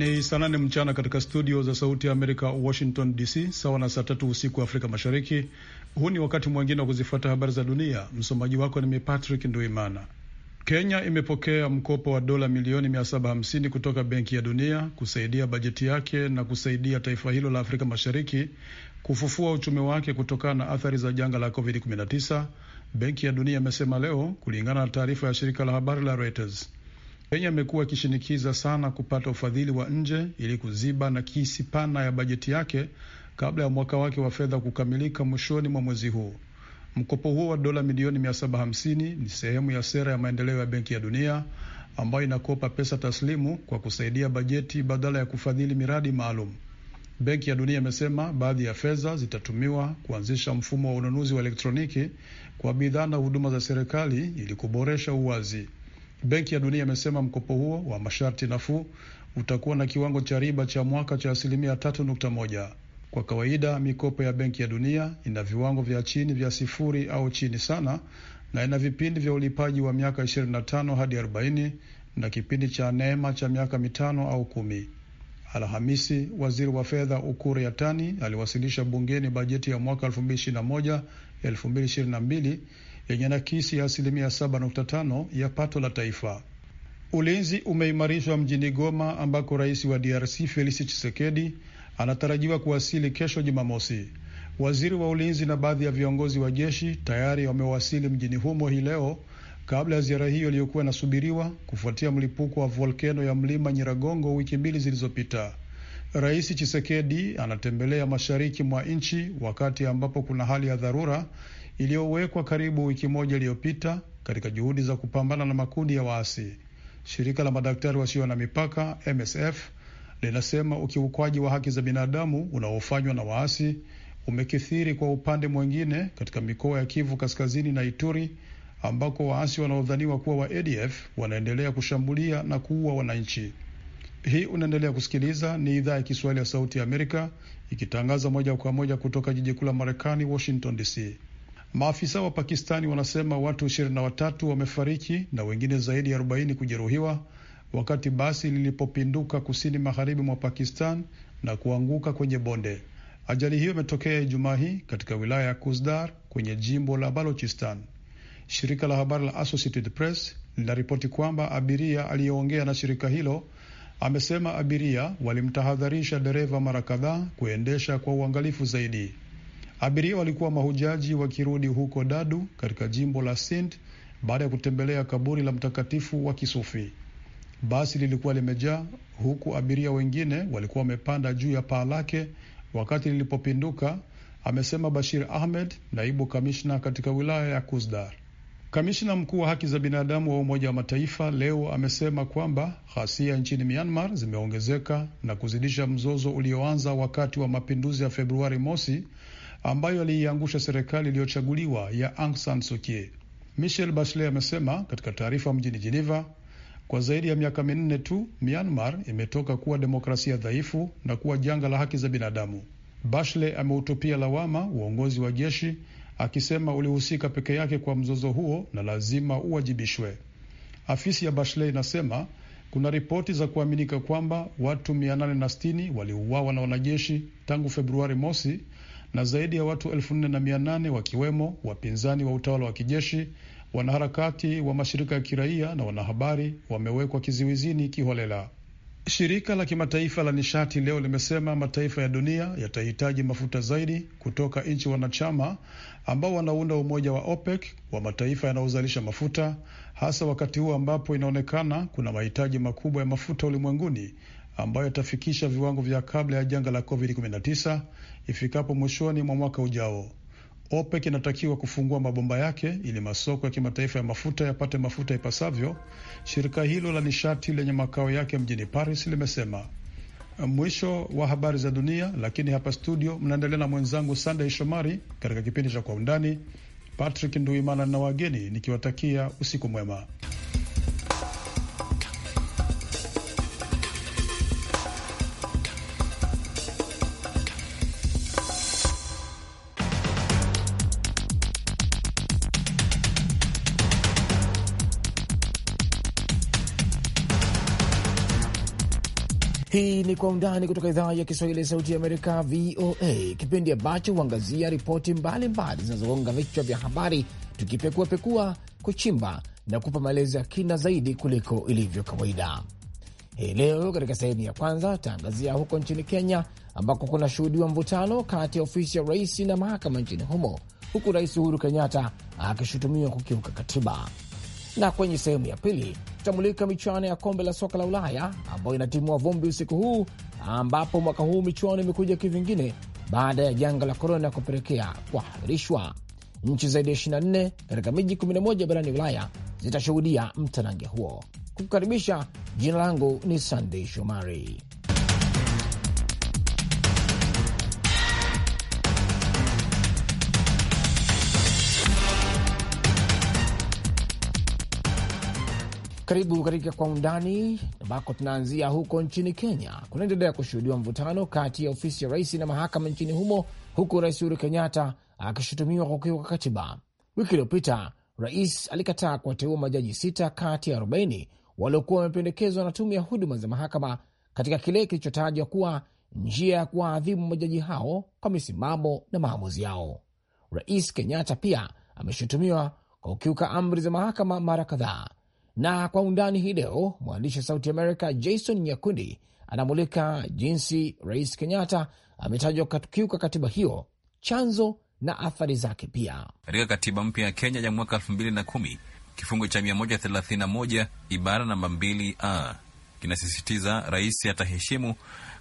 Ni saa nane mchana katika studio za Sauti ya Amerika, Washington DC, sawa na saa tatu usiku wa Afrika Mashariki. Huu ni wakati mwingine wa kuzifuata habari za dunia. Msomaji wako ni Patrick Nduimana. Kenya imepokea mkopo wa dola milioni 750 kutoka Benki ya Dunia kusaidia bajeti yake na kusaidia taifa hilo la Afrika Mashariki kufufua uchumi wake kutokana na athari za janga la COVID-19, Benki ya Dunia imesema leo, kulingana na taarifa ya shirika la habari la Reuters. Kenya amekuwa akishinikiza sana kupata ufadhili wa nje ili kuziba nakisi pana ya bajeti yake kabla ya mwaka wake wa fedha kukamilika mwishoni mwa mwezi huu. Mkopo huo wa dola milioni 750 ni sehemu ya sera ya maendeleo ya Benki ya Dunia ambayo inakopa pesa taslimu kwa kusaidia bajeti badala ya kufadhili miradi maalum. Benki ya Dunia imesema baadhi ya fedha zitatumiwa kuanzisha mfumo wa ununuzi wa elektroniki kwa bidhaa na huduma za serikali ili kuboresha uwazi. Benki ya Dunia imesema mkopo huo wa masharti nafuu utakuwa na kiwango cha riba cha mwaka cha asilimia tatu nukta moja. Kwa kawaida mikopo ya Benki ya Dunia ina viwango vya chini vya sifuri au chini sana, na ina vipindi vya ulipaji wa miaka 25 hadi 40 na kipindi cha neema cha miaka mitano au kumi. Alhamisi, waziri wa fedha Ukur Yatani aliwasilisha bungeni bajeti ya mwaka 2021 2022 yenye nakisi ya asilimia 7.5 ya pato la taifa. Ulinzi umeimarishwa mjini Goma ambako rais wa DRC Felix Tshisekedi anatarajiwa kuwasili kesho Jumamosi. Waziri wa ulinzi na baadhi ya viongozi wa jeshi tayari wamewasili mjini humo hii leo kabla ya ziara hiyo iliyokuwa inasubiriwa kufuatia mlipuko wa volkeno ya mlima Nyiragongo wiki mbili zilizopita. Rais Chisekedi anatembelea mashariki mwa nchi wakati ambapo kuna hali ya dharura iliyowekwa karibu wiki moja iliyopita katika juhudi za kupambana na makundi ya waasi. Shirika la madaktari wasio na mipaka MSF linasema ukiukwaji wa haki za binadamu unaofanywa na waasi umekithiri kwa upande mwingine katika mikoa ya Kivu Kaskazini na Ituri ambako waasi wanaodhaniwa kuwa wa ADF wanaendelea kushambulia na kuua wananchi. Hii unaendelea kusikiliza, ni idhaa ya Kiswahili ya Sauti ya Amerika ikitangaza moja kwa moja kutoka jiji kuu la Marekani, Washington DC. Maafisa wa Pakistani wanasema watu ishirini na watatu wamefariki na wengine zaidi ya arobaini kujeruhiwa wakati basi lilipopinduka kusini magharibi mwa Pakistan na kuanguka kwenye bonde. Ajali hiyo imetokea Ijumaa hii katika wilaya ya Kusdar kwenye jimbo la Balochistan. Shirika la habari la Associated Press linaripoti kwamba abiria aliyeongea na shirika hilo amesema abiria walimtahadharisha dereva mara kadhaa kuendesha kwa uangalifu zaidi. Abiria walikuwa mahujaji wakirudi huko Dadu katika jimbo la Sind baada ya kutembelea kaburi la mtakatifu wa Kisufi. Basi lilikuwa limejaa, huku abiria wengine walikuwa wamepanda juu ya paa lake wakati lilipopinduka, amesema Bashir Ahmed, naibu kamishna katika wilaya ya Kuzdar. Kamishna mkuu wa haki za binadamu wa Umoja wa Mataifa leo amesema kwamba ghasia nchini Myanmar zimeongezeka na kuzidisha mzozo ulioanza wakati wa mapinduzi ya Februari mosi ambayo aliiangusha serikali iliyochaguliwa ya Aung San Suu Kyi. Michel Bachelet amesema katika taarifa mjini Geneva, kwa zaidi ya miaka minne tu Myanmar imetoka kuwa demokrasia dhaifu na kuwa janga la haki za binadamu. Bachelet ameutupia lawama uongozi wa jeshi akisema ulihusika peke yake kwa mzozo huo na lazima uwajibishwe. Afisi ya Bachelet inasema kuna ripoti za kuaminika kwamba watu 860 waliuawa na wanajeshi tangu Februari mosi na zaidi ya watu elfu nne na mia nane wakiwemo wapinzani wa utawala wa kijeshi, wanaharakati wa mashirika ya kiraia na wanahabari wamewekwa kizuizini kiholela. Shirika la kimataifa la nishati leo limesema mataifa ya dunia yatahitaji mafuta zaidi kutoka nchi wanachama ambao wanaunda umoja wa OPEC wa mataifa yanayozalisha mafuta, hasa wakati huu ambapo inaonekana kuna mahitaji makubwa ya mafuta ulimwenguni ambayo itafikisha viwango vya kabla ya janga la COVID-19 ifikapo mwishoni mwa mwaka ujao. OPEC inatakiwa kufungua mabomba yake ili masoko ya kimataifa ya mafuta yapate mafuta ipasavyo, shirika hilo la nishati lenye makao yake mjini Paris limesema. Mwisho wa habari za dunia, lakini hapa studio mnaendelea na mwenzangu Sandey Shomari katika kipindi cha Kwa Undani. Patrick Nduimana na wageni nikiwatakia usiku mwema. ni Kwa Undani kutoka idhaa ya Kiswahili ya Sauti ya Amerika, VOA, kipindi ambacho huangazia ripoti mbalimbali zinazogonga vichwa vya habari, tukipekuapekua, kuchimba na kupa maelezo ya kina zaidi kuliko ilivyo kawaida. Hii leo katika sehemu ya kwanza taangazia huko nchini Kenya, ambako kuna shuhudiwa mvutano kati ya ofisi ya rais na mahakama nchini humo, huku Rais Uhuru Kenyatta akishutumiwa kukiuka katiba, na kwenye sehemu ya pili tutamulika michuano ya kombe la soka la Ulaya ambayo inatimua vumbi usiku huu, ambapo mwaka huu michuano imekuja kivingine baada ya janga la korona kupelekea kuahirishwa. Nchi zaidi ya 24 katika miji 11 barani Ulaya zitashuhudia mtanange huo. Kukukaribisha, jina langu ni Sandei Shomari. Karibu katika Kwa Undani, ambako tunaanzia huko nchini Kenya. Kunaendelea kushuhudiwa mvutano kati ya ofisi ya rais na mahakama nchini humo, huku Rais Uhuru Kenyatta akishutumiwa kwa kukiuka katiba. Wiki iliyopita rais alikataa kuwateua majaji sita kati ya 40 waliokuwa wamependekezwa na tume ya huduma za mahakama katika kile kilichotajwa kuwa njia ya kuwaadhibu majaji hao kwa misimamo na maamuzi yao. Rais Kenyatta pia ameshutumiwa kwa kukiuka amri za mahakama mara kadhaa na kwa undani hii leo mwandishi wa Sauti Amerika Jason Nyakundi anamulika jinsi Rais Kenyatta ametajwa kukiuka katiba hiyo, chanzo na athari zake. Pia katika katiba mpya ya Kenya ya mwaka elfu mbili na kumi kifungu cha 131 ibara namba 2a kinasisitiza rais ataheshimu,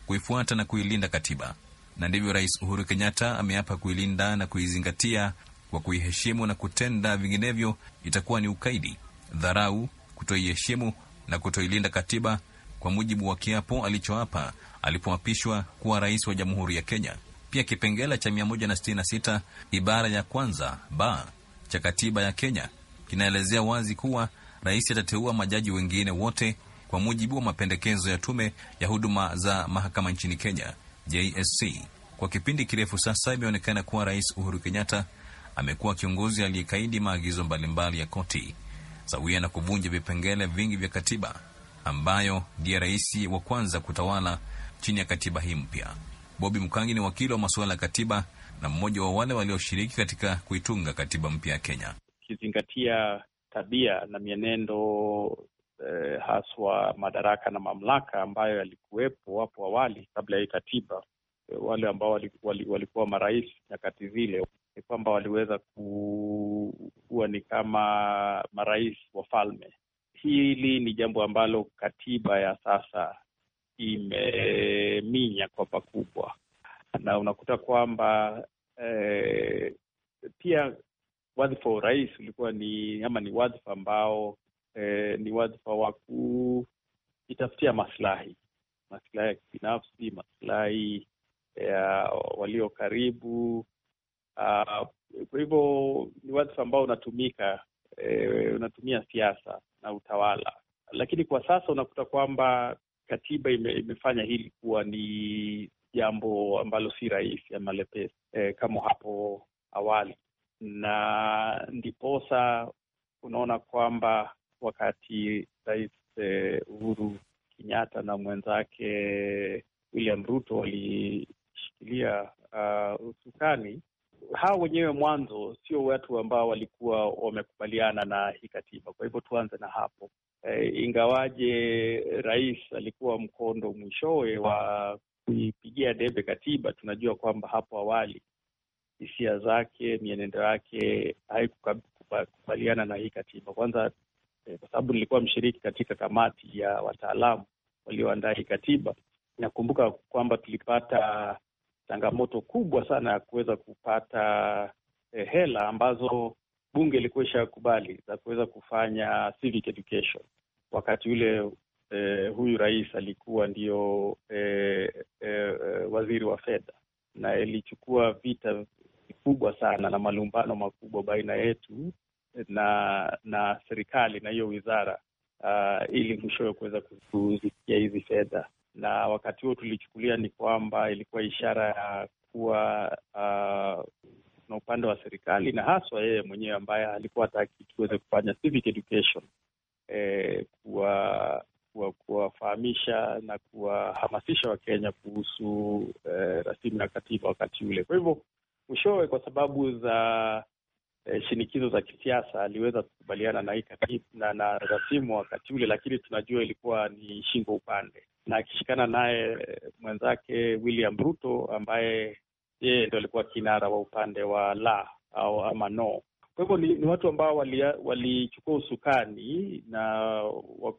kuifuata na kuilinda katiba, na ndivyo Rais Uhuru Kenyatta ameapa kuilinda na kuizingatia. Kwa kuiheshimu na kutenda vinginevyo, itakuwa ni ukaidi, dharau kutoiheshimu na kutoilinda katiba kwa mujibu wa kiapo alichoapa alipoapishwa kuwa rais wa Jamhuri ya Kenya. Pia kipengele cha 166 ibara ya kwanza ba cha katiba ya Kenya kinaelezea wazi kuwa rais atateua majaji wengine wote kwa mujibu wa mapendekezo ya tume ya huduma za mahakama nchini Kenya, JSC. Kwa kipindi kirefu sasa, imeonekana kuwa Rais Uhuru Kenyatta amekuwa kiongozi aliyekaidi maagizo mbalimbali ya koti sawia na kuvunja vipengele vingi vya katiba ambayo ndiye rais wa kwanza kutawala chini ya katiba hii mpya. Bobi Mkangi ni wakili wa masuala ya katiba na mmoja wa wale walioshiriki katika kuitunga katiba mpya ya Kenya. Ukizingatia tabia na mienendo eh, haswa madaraka na mamlaka ambayo yalikuwepo hapo awali kabla ya hii katiba, eh, wale ambao walikuwa marais nyakati zile ni kwamba waliweza kuwa ni kama marais wafalme. Hili ni jambo ambalo katiba ya sasa imeminya kwa pakubwa, na unakuta kwamba eh, pia wadhifa wa urais ulikuwa ni ama ni wadhifa ambao eh, ni wadhifa wa kujitafutia maslahi, maslahi ya kibinafsi, maslahi ya walio karibu Ah, kwa hivyo ni wadhifa ambao unatumika e, unatumia siasa na utawala, lakini kwa sasa unakuta kwamba katiba ime, imefanya hili kuwa ni jambo ambalo si rahisi ama lepesi e, kama hapo awali, na ndiposa unaona kwamba wakati Rais eh, Uhuru Kenyatta na mwenzake William Ruto walishikilia ah, usukani hawa wenyewe mwanzo sio watu ambao walikuwa wamekubaliana na hii katiba. Kwa hivyo tuanze na hapo e, ingawaje rais alikuwa mkondo mwishowe wa kuipigia debe katiba. Tunajua kwamba hapo awali hisia zake, mienendo yake haikukubaliana na hii katiba. Kwanza e, kwa sababu nilikuwa mshiriki katika kamati ya wataalamu walioandaa hii katiba, nakumbuka kwamba tulipata changamoto kubwa sana ya kuweza kupata eh, hela ambazo bunge ilikuwa kubali za kuweza kufanya civic education wakati ule eh, huyu rais alikuwa ndio eh, eh, eh, waziri wa fedha, na ilichukua vita vikubwa sana na malumbano makubwa baina yetu na na serikali na hiyo wizara uh, ili mwishowe kuweza kuzifikia hizi fedha na wakati huo tulichukulia ni kwamba ilikuwa ishara ya kuwa uh, na upande wa serikali na haswa yeye mwenyewe ambaye alikuwa hataki tuweze kufanya civic education eh, kuwa kuwafahamisha na kuwahamasisha Wakenya kuhusu eh, rasimu ya katiba wakati ule. Kwa hivyo mwishowe, kwa sababu za Eh, shinikizo za kisiasa aliweza kukubaliana na hii na, na rasimu wakati ule, lakini tunajua ilikuwa ni shingo upande, na akishikana naye eh, mwenzake William Ruto ambaye yeye ndo alikuwa kinara wa upande wa la au ama no. Kwa hivyo ni, ni watu ambao walichukua wali usukani na wa,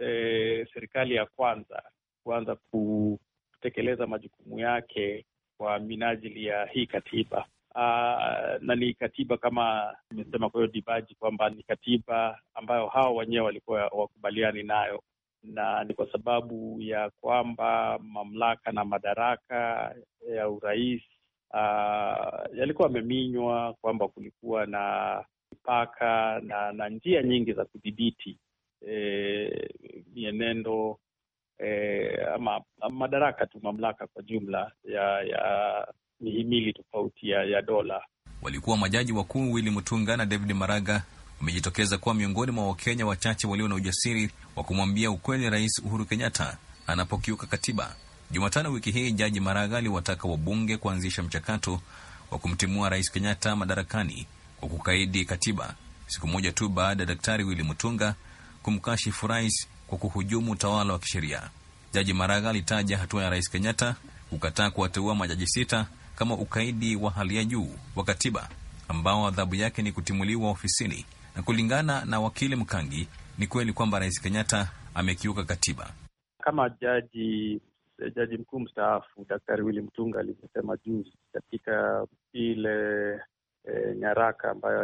e, serikali ya kwanza kuanza kutekeleza majukumu yake kwa minajili ya hii katiba uh, na ni katiba kama imesema, kwa hiyo Dibaji kwamba ni katiba ambayo hawa wenyewe walikuwa wakubaliani nayo, na ni kwa sababu ya kwamba mamlaka na madaraka ya urais uh, yalikuwa yameminywa, kwamba kulikuwa na mipaka na, na njia nyingi za kudhibiti e, mienendo e, ama madaraka tu, mamlaka kwa jumla ya ya mihimili ya, ya dola. Walikuwa majaji wakuu Willy Mutunga na David Maraga wamejitokeza kuwa miongoni mwa Wakenya wachache walio na ujasiri wa kumwambia ukweli Rais Uhuru Kenyatta anapokiuka katiba. Jumatano wiki hii, Jaji Maraga aliwataka wabunge kuanzisha mchakato wa kumtimua Rais Kenyatta madarakani kwa kukaidi katiba, siku moja tu baada ya Daktari Willy Mutunga kumkashifu rais kwa kuhujumu utawala wa kisheria. Jaji Maraga alitaja hatua ya Rais Kenyatta kukataa kuwateua majaji sita kama ukaidi wa hali ya juu wa katiba ambao adhabu yake ni kutimuliwa ofisini. Na kulingana na wakili Mkangi, ni kweli kwamba Rais Kenyatta amekiuka katiba kama jaji jaji mkuu mstaafu Daktari Willy Mutunga alivyosema juzi katika ile e, nyaraka ambayo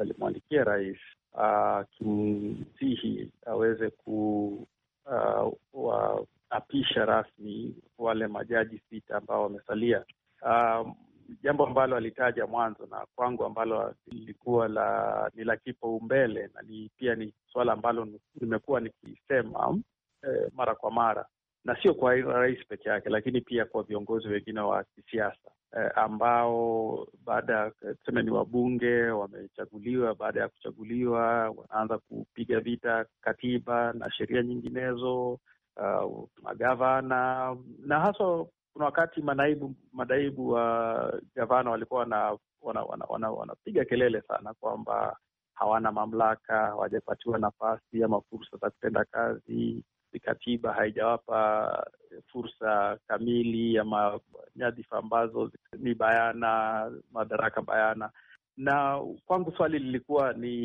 alimwandikia rais akimsihi aweze kuwaapisha ah, rasmi wale majaji sita ambao wamesalia Um, jambo ambalo alitaja mwanzo na kwangu ambalo lilikuwa la ni la kipaumbele na ni pia ni suala ambalo nimekuwa nikisema eh, mara kwa mara na sio kwa rais peke yake, lakini pia kwa viongozi wengine wa kisiasa eh, ambao baada ya tuseme ni wabunge wamechaguliwa, baada ya kuchaguliwa wanaanza kupiga vita katiba na sheria nyinginezo, uh, magavana na haswa kuna wakati manaibu madaibu wa gavana walikuwa wanapiga wana, wana, wana, wana kelele sana kwamba hawana mamlaka, hawajapatiwa nafasi ama fursa za kutenda kazi, katiba haijawapa fursa kamili ama nyadhifa ambazo ni bayana, madaraka bayana. Na kwangu swali lilikuwa ni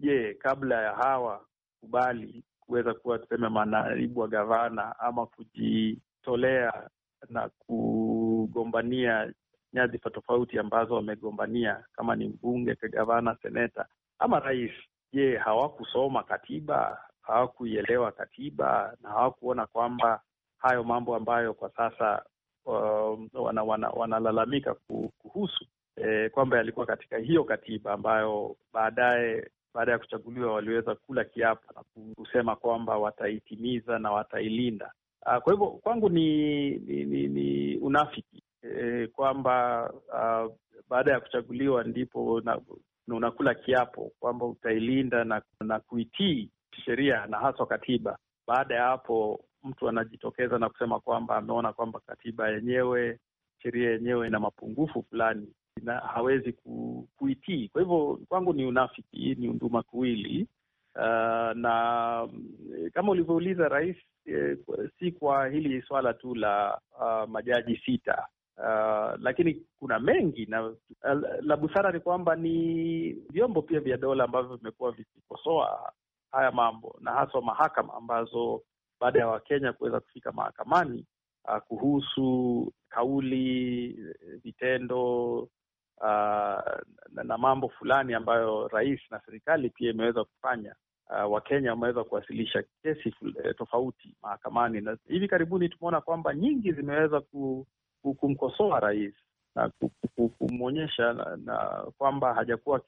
je, kabla ya hawa kubali kuweza kuwa tuseme manaibu wa gavana ama kujitolea na kugombania nyadhifa tofauti ambazo wamegombania, kama ni mbunge, kagavana seneta ama rais. Je, hawakusoma katiba? Hawakuielewa katiba na hawakuona kwamba hayo mambo ambayo kwa sasa um, wanalalamika wana, wana kuhusu e, kwamba yalikuwa katika hiyo katiba ambayo baadaye baada ya kuchaguliwa waliweza kula kiapo na kusema kwamba wataitimiza na watailinda. Ah, kwa hivyo kwangu ni, ni, ni, ni unafiki eh, kwamba ah, baada ya kuchaguliwa ndipo na, na unakula kiapo kwamba utailinda na, na kuitii sheria na haswa katiba. Baada ya hapo mtu anajitokeza na kusema kwamba ameona kwamba katiba yenyewe, sheria yenyewe ina mapungufu fulani na hawezi kuitii. Kwa hivyo kwangu ni unafiki, ni unduma kuwili Uh, na eh, kama ulivyouliza rais eh, si kwa hili swala tu la uh, majaji sita uh, lakini kuna mengi na la busara ni kwamba ni vyombo pia vya dola ambavyo vimekuwa vikikosoa haya mambo na haswa mahakama ambazo baada ya Wakenya kuweza kufika mahakamani uh, kuhusu kauli, vitendo Uh, na mambo fulani ambayo rais na serikali pia imeweza kufanya uh, Wakenya wameweza kuwasilisha kesi eh, tofauti mahakamani, na hivi karibuni tumeona kwamba nyingi zimeweza ku, ku, kumkosoa rais na kumwonyesha na, na kwamba hajakuwa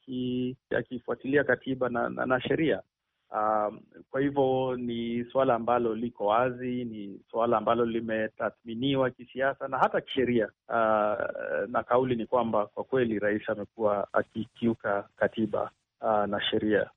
akifuatilia katiba na, na, na sheria. Um, kwa hivyo ni suala ambalo liko wazi, ni suala ambalo limetathminiwa kisiasa na hata kisheria. Uh, na kauli ni kwamba kwa kweli rais amekuwa akikiuka katiba uh, na sheria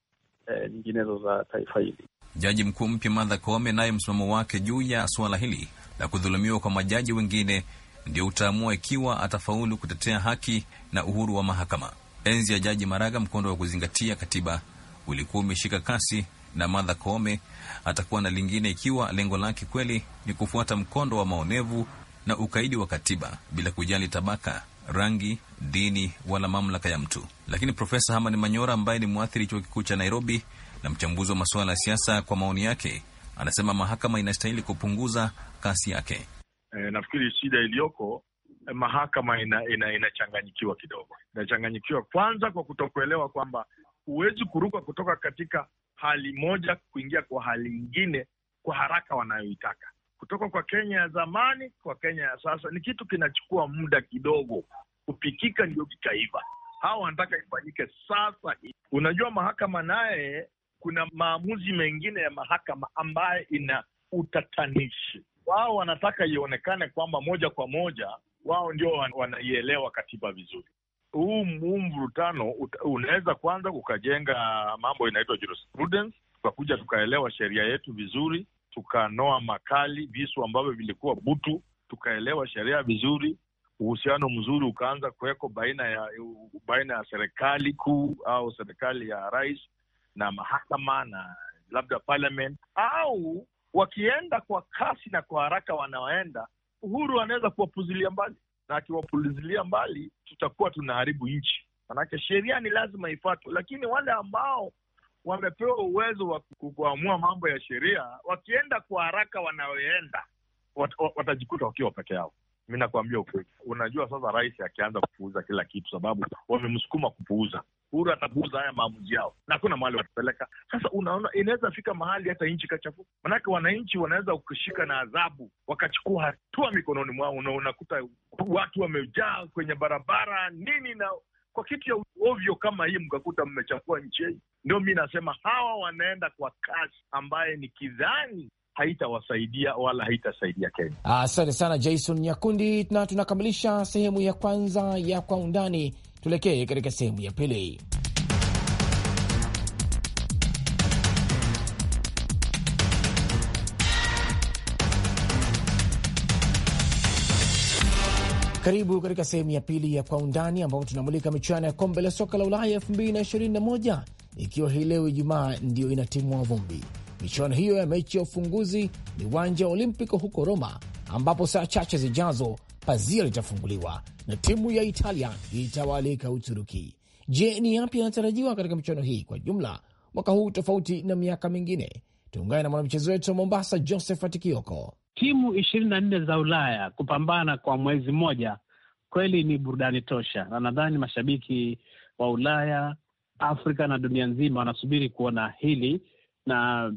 eh, nyinginezo za taifa hili. Jaji mkuu mpya Martha Koome naye msimamo wake juu ya suala hili la kudhulumiwa kwa majaji wengine ndio utaamua ikiwa atafaulu kutetea haki na uhuru wa mahakama. Enzi ya Jaji Maraga, mkondo wa kuzingatia katiba ulikuwa umeshika kasi, na Martha Koome atakuwa na lingine ikiwa lengo lake kweli ni kufuata mkondo wa maonevu na ukaidi wa katiba bila kujali tabaka, rangi dini wala mamlaka ya mtu. Lakini Profesa Hamani Manyora ambaye ni mwathiri chuo kikuu cha Nairobi na mchambuzi wa masuala ya siasa, kwa maoni yake anasema mahakama inastahili kupunguza kasi yake. E, nafikiri shida iliyoko eh, mahakama inachanganyikiwa ina, ina kidogo inachanganyikiwa kwanza kwa kutokuelewa kwamba huwezi kuruka kutoka katika hali moja kuingia kwa hali nyingine kwa haraka wanayoitaka kutoka kwa Kenya ya zamani kwa Kenya ya sasa ni kitu kinachukua muda kidogo kupikika ndio kitaiva. Hawa wanataka ifanyike sasa. Unajua, mahakama naye, kuna maamuzi mengine ya mahakama ambayo ina utatanishi. Wao wanataka ionekane kwamba moja kwa moja wao ndio wanaielewa katiba vizuri. Huu huu mvurutano unaweza kwanza ukajenga mambo inaitwa jurisprudence, tukakuja tukaelewa sheria yetu vizuri, tukanoa makali, visu ambavyo vilikuwa butu, tukaelewa sheria vizuri uhusiano mzuri ukaanza kuweko baina ya baina ya serikali kuu au serikali ya rais na mahakama na labda parliament, au wakienda kwa kasi na kwa haraka wanaoenda, Uhuru anaweza kuwapuzilia mbali, na akiwapuzilia mbali tutakuwa tunaharibu nchi, manake sheria ni lazima ifuatwe, lakini wale ambao wamepewa uwezo wa kuamua mambo ya sheria, wakienda kwa haraka wanaoenda, wat, wat, watajikuta wakiwa peke yao mi nakwambia ukweli. Unajua, sasa rais akianza kupuuza kila kitu, sababu wamemsukuma kupuuza. Uhuru atapuuza haya maamuzi yao na hakuna mahali watapeleka. Sasa unaona, inaweza fika mahali hata nchi kachafuka, manake wananchi wanaweza kushika na adhabu wakachukua hatua mikononi mwao, na unakuta watu wamejaa kwenye barabara nini na kwa kitu ya ovyo kama hii mkakuta mmechafua nchi hii. Ndio mi nasema hawa wanaenda kwa kasi ambaye ni kidhani haitawasaidia wala haitasaidia Kenya. Asante sana Jason Nyakundi, na tunakamilisha sehemu ya kwanza ya Kwa Undani. Tuelekee katika sehemu ya pili. Karibu katika sehemu ya pili ya Kwa Undani, ambapo tunamulika michuano ya kombe la soka la Ulaya 221 ikiwa hii leo Ijumaa ndiyo inatimwa vumbi michuano hiyo ya mechi ya ufunguzi ni uwanja wa Olimpiko huko Roma, ambapo saa chache zijazo pazia litafunguliwa na timu ya Italia itawalika Uturuki. Je, ni yapi yanatarajiwa katika michuano hii kwa jumla mwaka huu tofauti na miaka mingine? Tuungane na mwanamchezo wetu wa Mombasa, Josephat Kioko. Timu ishirini na nne za Ulaya kupambana kwa mwezi mmoja kweli ni burudani tosha, na nadhani mashabiki wa Ulaya, Afrika na dunia nzima wanasubiri kuona hili, na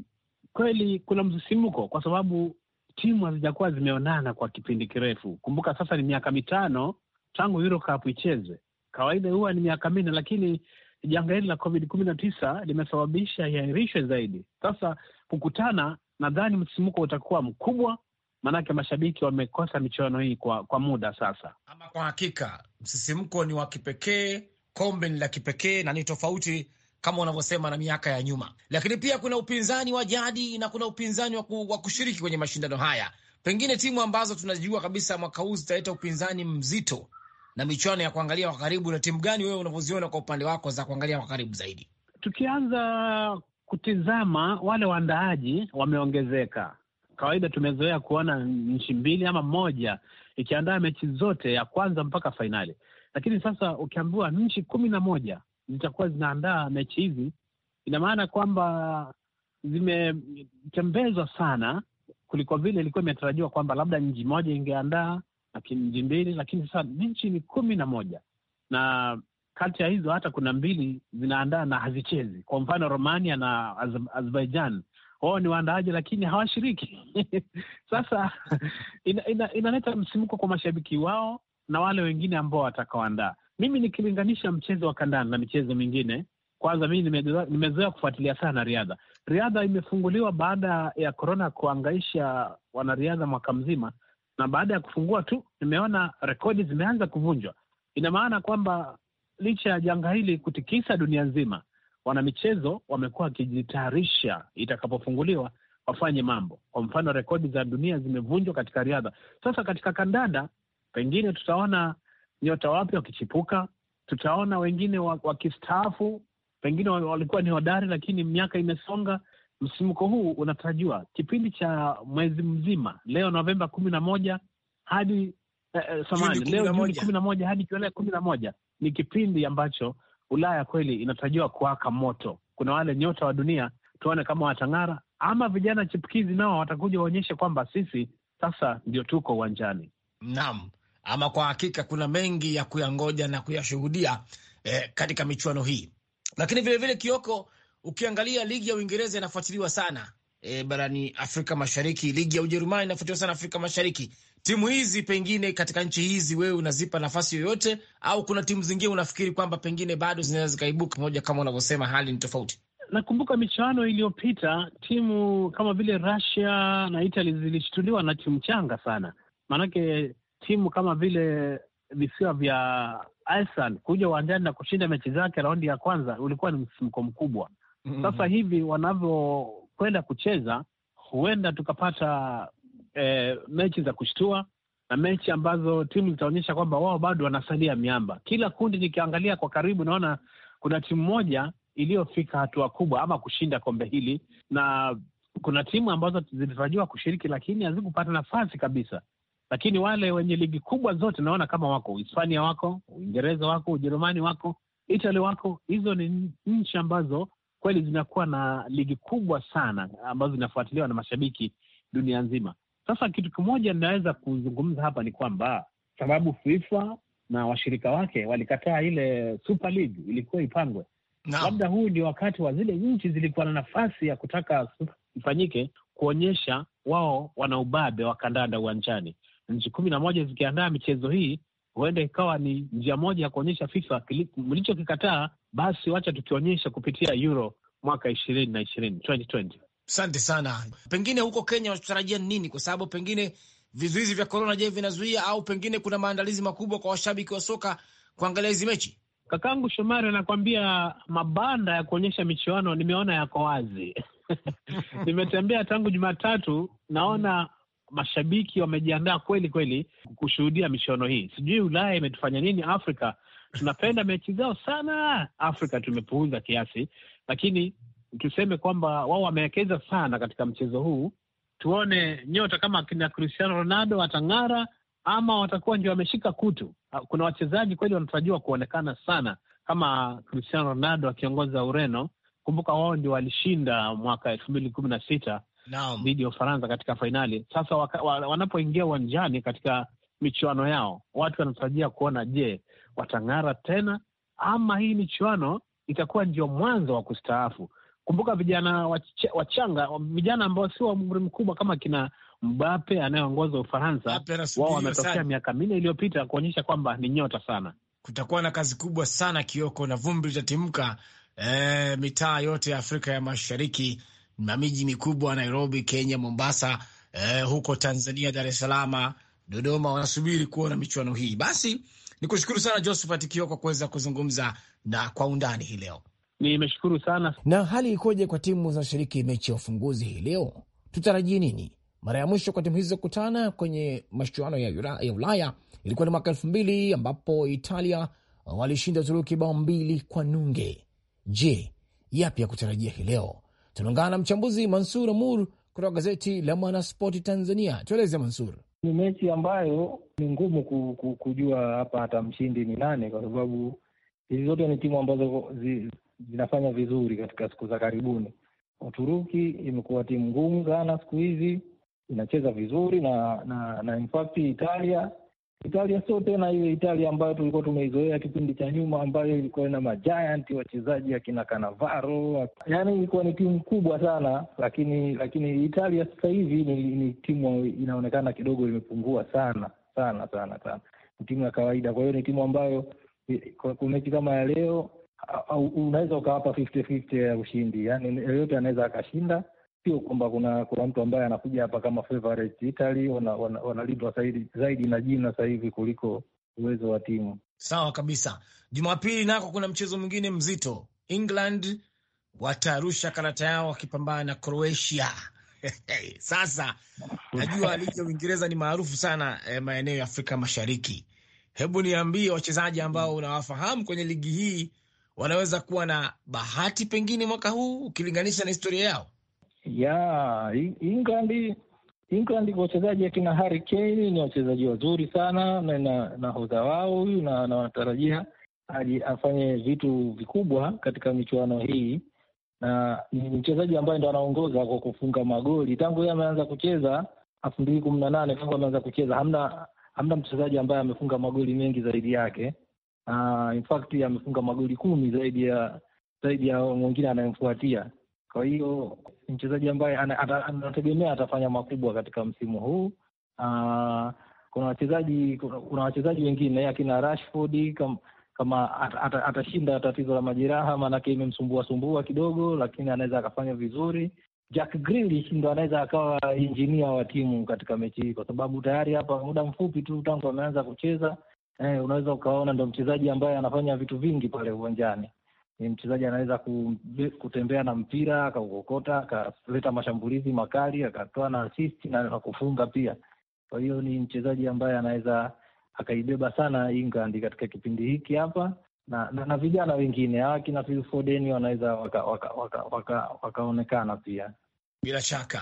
kweli kuna msisimko kwa sababu timu hazijakuwa zimeonana kwa kipindi kirefu. Kumbuka sasa ni miaka mitano tangu Euro Cup icheze. Kawaida huwa ni miaka minne, lakini janga hili la Covid kumi na tisa limesababisha iahirishwe zaidi. Sasa kukutana, nadhani msisimko utakuwa mkubwa, maanake mashabiki wamekosa michuano hii kwa, kwa muda sasa. Ama kwa hakika msisimko ni wa kipekee, kombe ni la kipekee na ni tofauti kama unavyosema na miaka ya nyuma, lakini pia kuna upinzani wa jadi na kuna upinzani wa kushiriki kwenye mashindano haya. Pengine timu ambazo tunajua kabisa mwaka huu zitaleta upinzani mzito na michuano ya kuangalia kwa karibu, na timu gani wewe unavyoziona kwa upande wako za kuangalia kwa karibu zaidi? Tukianza kutizama, wale waandaaji wameongezeka. Kawaida tumezoea kuona nchi mbili ama moja ikiandaa mechi zote ya kwanza mpaka fainali, lakini sasa ukiambiwa nchi kumi na moja zitakuwa zinaandaa mechi hizi, ina maana kwamba zimetembezwa sana kuliko vile ilikuwa imetarajiwa kwamba labda nchi moja ingeandaa, lakini nchi mbili, lakini sasa nchi ni kumi na moja na kati ya hizo hata kuna mbili zinaandaa na hazichezi. Kwa mfano Romania na Azerbaijan, wao ni waandaaji lakini hawashiriki. Sasa inaleta ina, ina msimko kwa mashabiki wao na wale wengine ambao watakaoandaa. Mimi nikilinganisha mchezo wa kandanda na michezo mingine, kwanza mimi nimezoea kufuatilia sana riadha. Riadha imefunguliwa baada ya korona kuangaisha wanariadha mwaka mzima, na baada ya kufungua tu nimeona rekodi zimeanza kuvunjwa. Ina maana kwamba licha ya janga hili kutikisa dunia nzima, wanamichezo wamekuwa wakijitayarisha itakapofunguliwa wafanye mambo. Kwa mfano, rekodi za dunia zimevunjwa katika riadha. Sasa katika kandanda, pengine tutaona nyota wapya wakichipuka. Tutaona wengine wakistaafu, pengine walikuwa ni hodari, lakini miaka imesonga. Msimko huu unatarajiwa kipindi cha mwezi mzima, leo Novemba kumi na moja hadi eh, eh samani leo Juni kumi na moja hadi kiolea kumi na moja ni kipindi ambacho Ulaya kweli inatarajiwa kuwaka moto. Kuna wale nyota wa dunia, tuone kama watang'ara ama vijana chipukizi nao watakuja waonyeshe kwamba sisi sasa ndio tuko uwanjani. Naam, ama kwa hakika kuna mengi ya kuyangoja na kuyashuhudia eh, katika michuano hii. Lakini vilevile vile Kioko, ukiangalia ligi ya Uingereza inafuatiliwa sana E, barani Afrika Mashariki, ligi ya Ujerumani inafuatiliwa sana Afrika Mashariki. Timu hizi pengine katika nchi hizi wewe unazipa nafasi yoyote, au kuna timu zingine unafikiri kwamba pengine bado zinaweza zikaibuka moja, kama unavyosema hali ni tofauti? Nakumbuka michuano iliyopita timu kama vile Russia na Italy zilishtuliwa na timu changa sana, maanake timu kama vile visiwa vya Iceland kuja uwanjani na kushinda mechi zake raundi ya kwanza ulikuwa ni msisimko mkubwa. Mm -hmm. Sasa hivi wanavyokwenda kucheza, huenda tukapata eh, mechi za kushtua na mechi ambazo timu zitaonyesha kwamba wao bado wanasalia miamba. Kila kundi nikiangalia kwa karibu, naona kuna timu moja iliyofika hatua kubwa ama kushinda kombe hili, na kuna timu ambazo zilitarajiwa kushiriki lakini hazikupata nafasi kabisa lakini wale wenye ligi kubwa zote naona kama wako Hispania, wako Uingereza, wako Ujerumani, wako Italy, wako hizo ni nchi ambazo kweli zinakuwa na ligi kubwa sana ambazo zinafuatiliwa na mashabiki dunia nzima. Sasa kitu kimoja ninaweza kuzungumza hapa ni kwamba sababu FIFA na washirika wake walikataa ile Super League ilikuwa ipangwe no. Labda huu ndio wakati wa zile nchi zilikuwa na nafasi ya kutaka ifanyike kuonyesha wao wana ubabe wa kandanda uwanjani, nchi kumi na moja zikiandaa michezo hii, huenda ikawa ni njia moja ya kuonyesha FIFA mlichokikataa, basi wacha tukionyesha kupitia Euro mwaka ishirini na ishirini Asante sana. Pengine huko Kenya wanachotarajia nini? Kwa sababu pengine vizuizi vya korona, je, vinazuia au pengine kuna maandalizi makubwa kwa washabiki wa soka kuangalia hizi mechi? Kakangu Shomari anakwambia mabanda ya kuonyesha michuano nimeona yako wazi nimetembea tangu Jumatatu, naona mashabiki wamejiandaa kweli kweli kushuhudia michuano hii. Sijui Ulaya imetufanya nini, Afrika tunapenda mechi zao sana, Afrika tumepuuza kiasi, lakini tuseme kwamba wao wamewekeza sana katika mchezo huu. Tuone nyota kama kina Cristiano Ronaldo watang'ara ama watakuwa ndio wameshika kutu. Ah, kuna wachezaji kweli wanatarajiwa kuonekana sana, kama Cristiano Ronaldo akiongoza Ureno. Kumbuka wao ndio walishinda mwaka elfu mbili kumi na sita dhidi ya Ufaransa katika fainali. Sasa wanapoingia uwanjani katika michuano yao, watu wanatarajia kuona, je, watang'ara tena ama hii michuano itakuwa ndio mwanzo wa kustaafu? Kumbuka vijana wachanga, vijana ambao sio wa umri mkubwa kama kina Mbape anayeongoza Ufaransa, wao wametokea miaka minne iliyopita kuonyesha kwamba ni nyota sana. Kutakuwa na kazi kubwa sana, Kioko, na vumbi litatimka eh, mitaa yote ya Afrika ya Mashariki na miji mikubwa Nairobi, Kenya, Mombasa, eh, huko Tanzania, Dar es Salaam, Dodoma, wanasubiri kuona michuano hii. Basi ni kushukuru sana Josephat Kioko kwa kuweza kuzungumza na kwa undani hii leo. Nimeshukuru sana. Na hali ikoje kwa timu zinazoshiriki mechi ya ufunguzi hii leo? tutarajie nini? Mara ya mwisho kwa timu hizi kukutana kwenye mashuano ya Ulaya ilikuwa ni mwaka elfu mbili ambapo Italia walishinda Uturuki bao mbili kwa nunge. Je, yapi ya kutarajia hii leo Tunaungana na mchambuzi Mansur Amur kutoka gazeti la Mwanaspoti Tanzania. Tueleze Mansur. Ni mechi ambayo ni ngumu kujua hapa hata mshindi ni nane, kwa sababu hizi zote ni timu ambazo zi, zinafanya vizuri katika siku za karibuni. Uturuki imekuwa timu ngumu sana siku hizi, inacheza vizuri na na, na in fact Italia Italia sio tena ile Italia ambayo tulikuwa tumeizoea kipindi cha nyuma, ambayo ilikuwa ina majayanti wachezaji akina Kanavaro, yaani ilikuwa ni timu kubwa sana, lakini lakini Italia sasa hivi ni, ni timu inaonekana kidogo imepungua sana sana sana sana, ni timu ya kawaida. Kwa hiyo ni timu ambayo kwa mechi kama ya leo unaweza ukawapa 50-50 ya ushindi, yaani yoyote anaweza akashinda sio kwamba kuna kuna mtu ambaye anakuja hapa kama favorite. Italy wanalindwa wana, wana zaidi, na jina sasa hivi kuliko uwezo wa timu. Sawa kabisa. Jumapili nako kuna mchezo mwingine mzito, England watarusha karata yao wakipambana na Croatia. Sasa najua ligi ya Uingereza ni maarufu sana eh, maeneo ya Afrika Mashariki. Hebu niambie wachezaji ambao unawafahamu kwenye ligi hii wanaweza kuwa na bahati pengine mwaka huu ukilinganisha na historia yao ya England England wachezaji akina Harry Kane ni wachezaji wazuri sana na nahodha wao huyu na nawatarajia na afanye vitu vikubwa katika michuano hii, na ni mchezaji ambaye ndo anaongoza kwa kufunga magoli tangu yeye ameanza kucheza elfu mbili kumi na nane tangu ameanza kucheza hamna hamna mchezaji ambaye amefunga magoli mengi zaidi yake. Uh, in fact amefunga magoli kumi zaidi ya zaidi ya mwingine anayemfuatia. Kwa hiyo mchezaji ambaye anategemea atafanya makubwa katika msimu huu. Uh, kuna wachezaji kuna wachezaji wengine akina Rashford kama, kama at, at, atashinda tatizo la majeraha, maanake imemsumbua sumbua kidogo, lakini anaweza akafanya vizuri. Jack Grealish ndo anaweza akawa injinia wa timu katika mechi hii, kwa sababu tayari hapa muda mfupi tu tangu ameanza kucheza eh, unaweza ukaona ndo mchezaji ambaye anafanya vitu vingi pale uwanjani ni mchezaji anaweza kutembea na mpira akaukokota akaleta mashambulizi makali akatoa na assist na kufunga pia. Kwa hiyo ni mchezaji ambaye anaweza akaibeba sana England katika kipindi hiki hapa na, na, na vijana wengine hawa kina Phil Foden wanaweza wakaonekana waka, waka, waka, waka pia. Bila shaka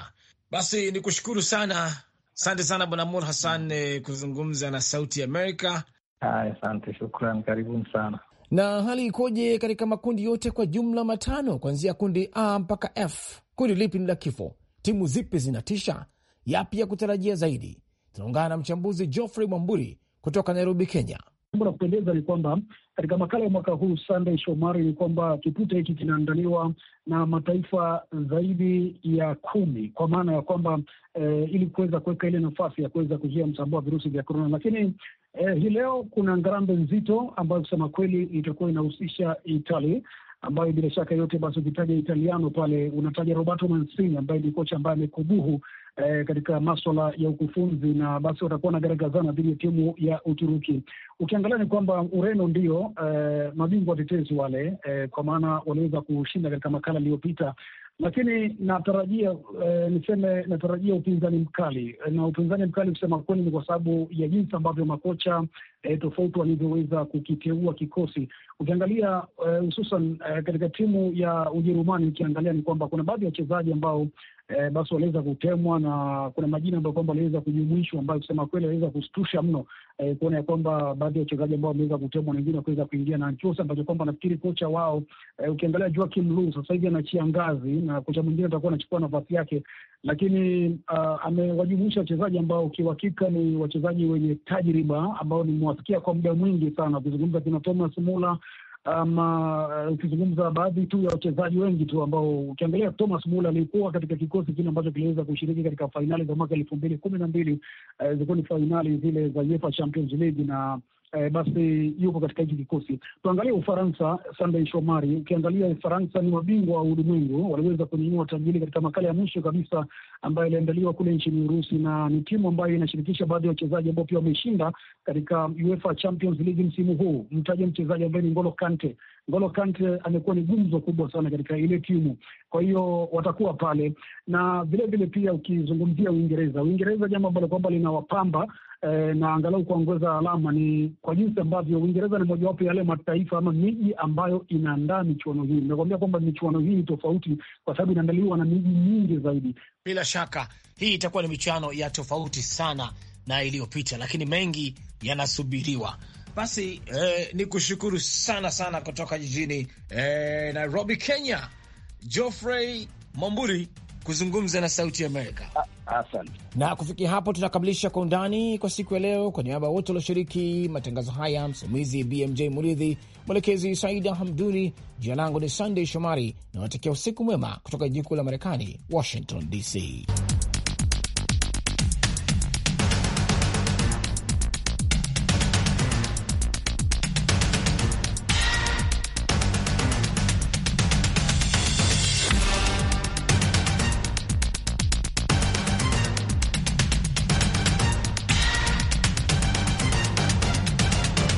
basi ni kushukuru sana, asante sana Bwana Mur Hassan eh, kuzungumza na Sauti Amerika. Haya, asante, shukran, karibuni sana. Na hali ikoje katika makundi yote kwa jumla matano kuanzia kundi A mpaka F? Kundi lipi ni la kifo? Timu zipi zinatisha? Yapi ya kutarajia zaidi? Tunaungana na mchambuzi Geoffrey Mwamburi kutoka Nairobi, Kenya. Jambo la kupendeza ni kwamba katika makala ya mwaka huu Sunday Shomari, ni kwamba kipute hiki kinaandaliwa na mataifa zaidi ya kumi kwa maana ya kwamba eh, ili kuweza kuweka ile nafasi ya kuweza kuzuia msambao wa virusi vya korona. Lakini eh, hii leo kuna ngarambe nzito ambayo kusema kweli itakuwa inahusisha itali ambayo bila shaka yote basi ukitaja Italiano pale unataja Roberto Mancini ambaye ni kocha ambaye amekubuhu eh, katika maswala ya ukufunzi, na basi watakuwa na garagazana dhidi ya timu ya Uturuki. Ukiangalia ni kwamba Ureno ndio eh, mabingwa watetezi wale eh, kwa maana waliweza kushinda katika makala iliyopita lakini natarajia e, niseme natarajia upinzani mkali, na upinzani mkali kusema kweli ni kwa sababu ya jinsi ambavyo makocha eh, tofauti walivyoweza kukiteua kikosi. Ukiangalia e, hususan eh, eh, katika timu ya Ujerumani, ukiangalia ni kwamba kuna baadhi ya wachezaji ambao eh, basi waliweza kutemwa na kuna majina ambayo kwamba waliweza kujumuishwa ambayo kusema kweli waliweza kustusha mno eh, kuona ya kwamba baadhi ya wachezaji ambao wameweza kutemwa na wengine wakiweza kuingia na kikosi ambacho kwamba nafikiri kocha wao eh, ukiangalia Joachim Lu sasa hivi anachia ngazi na kocha mwingine atakuwa anachukua nafasi yake, lakini uh, amewajumuisha wachezaji ambao kiuhakika ni wachezaji wenye tajriba ambao ni mwa tumewasikia kwa muda mwingi sana, ukizungumza kina Thomas Mula ama eh, ukizungumza baadhi tu ya wachezaji wengi tu ambao ukiangalia Thomas Muller alikuwa katika kikosi kile ambacho kiliweza kushiriki katika fainali za mwaka elfu mbili kumi na mbili zilikuwa eh, ni fainali zile za UEFA Champions League na eh, basi yuko katika hiki kikosi. Tuangalie Ufaransa, Sunday Shomari. Ukiangalia Ufaransa ni mabingwa wa ulimwengu, waliweza kunyanyua taji hili katika makala ya mwisho kabisa ambayo iliandaliwa kule nchini Urusi, na ni timu ambayo inashirikisha baadhi ya wachezaji ambao pia wameshinda katika UEFA Champions League msimu huu. Mtaje mchezaji ambaye ni Ngolo Kante. Ngolo Kante amekuwa ni gumzo kubwa sana katika ile timu, kwa hiyo watakuwa pale na vilevile pia ukizungumzia Uingereza, Uingereza jambo ambalo kwamba linawapamba eh, na angalau kuongoza alama ni kwa jinsi ambavyo Uingereza ni mojawapo ya yale mataifa ama miji ambayo inaandaa michuano hii. Nimekuambia kwamba michuano hii ni tofauti kwa sababu inaandaliwa na miji nyingi zaidi. Bila shaka hii itakuwa ni michuano ya tofauti sana na iliyopita, lakini mengi yanasubiriwa. Basi eh, ni kushukuru sana sana kutoka jijini eh, Nairobi, Kenya, Geoffrey Mwamburi kuzungumza na Sauti Amerika. Asante. Na kufikia hapo tunakamilisha Kwa Undani kwa siku ya leo. Kwa niaba ya wote walioshiriki matangazo haya, msimamizi BMJ Muridhi, mwelekezi Saida Hamduni, jina langu ni Sandey Shomari na usiku mwema kutoka jikuu la Marekani, Washington DC.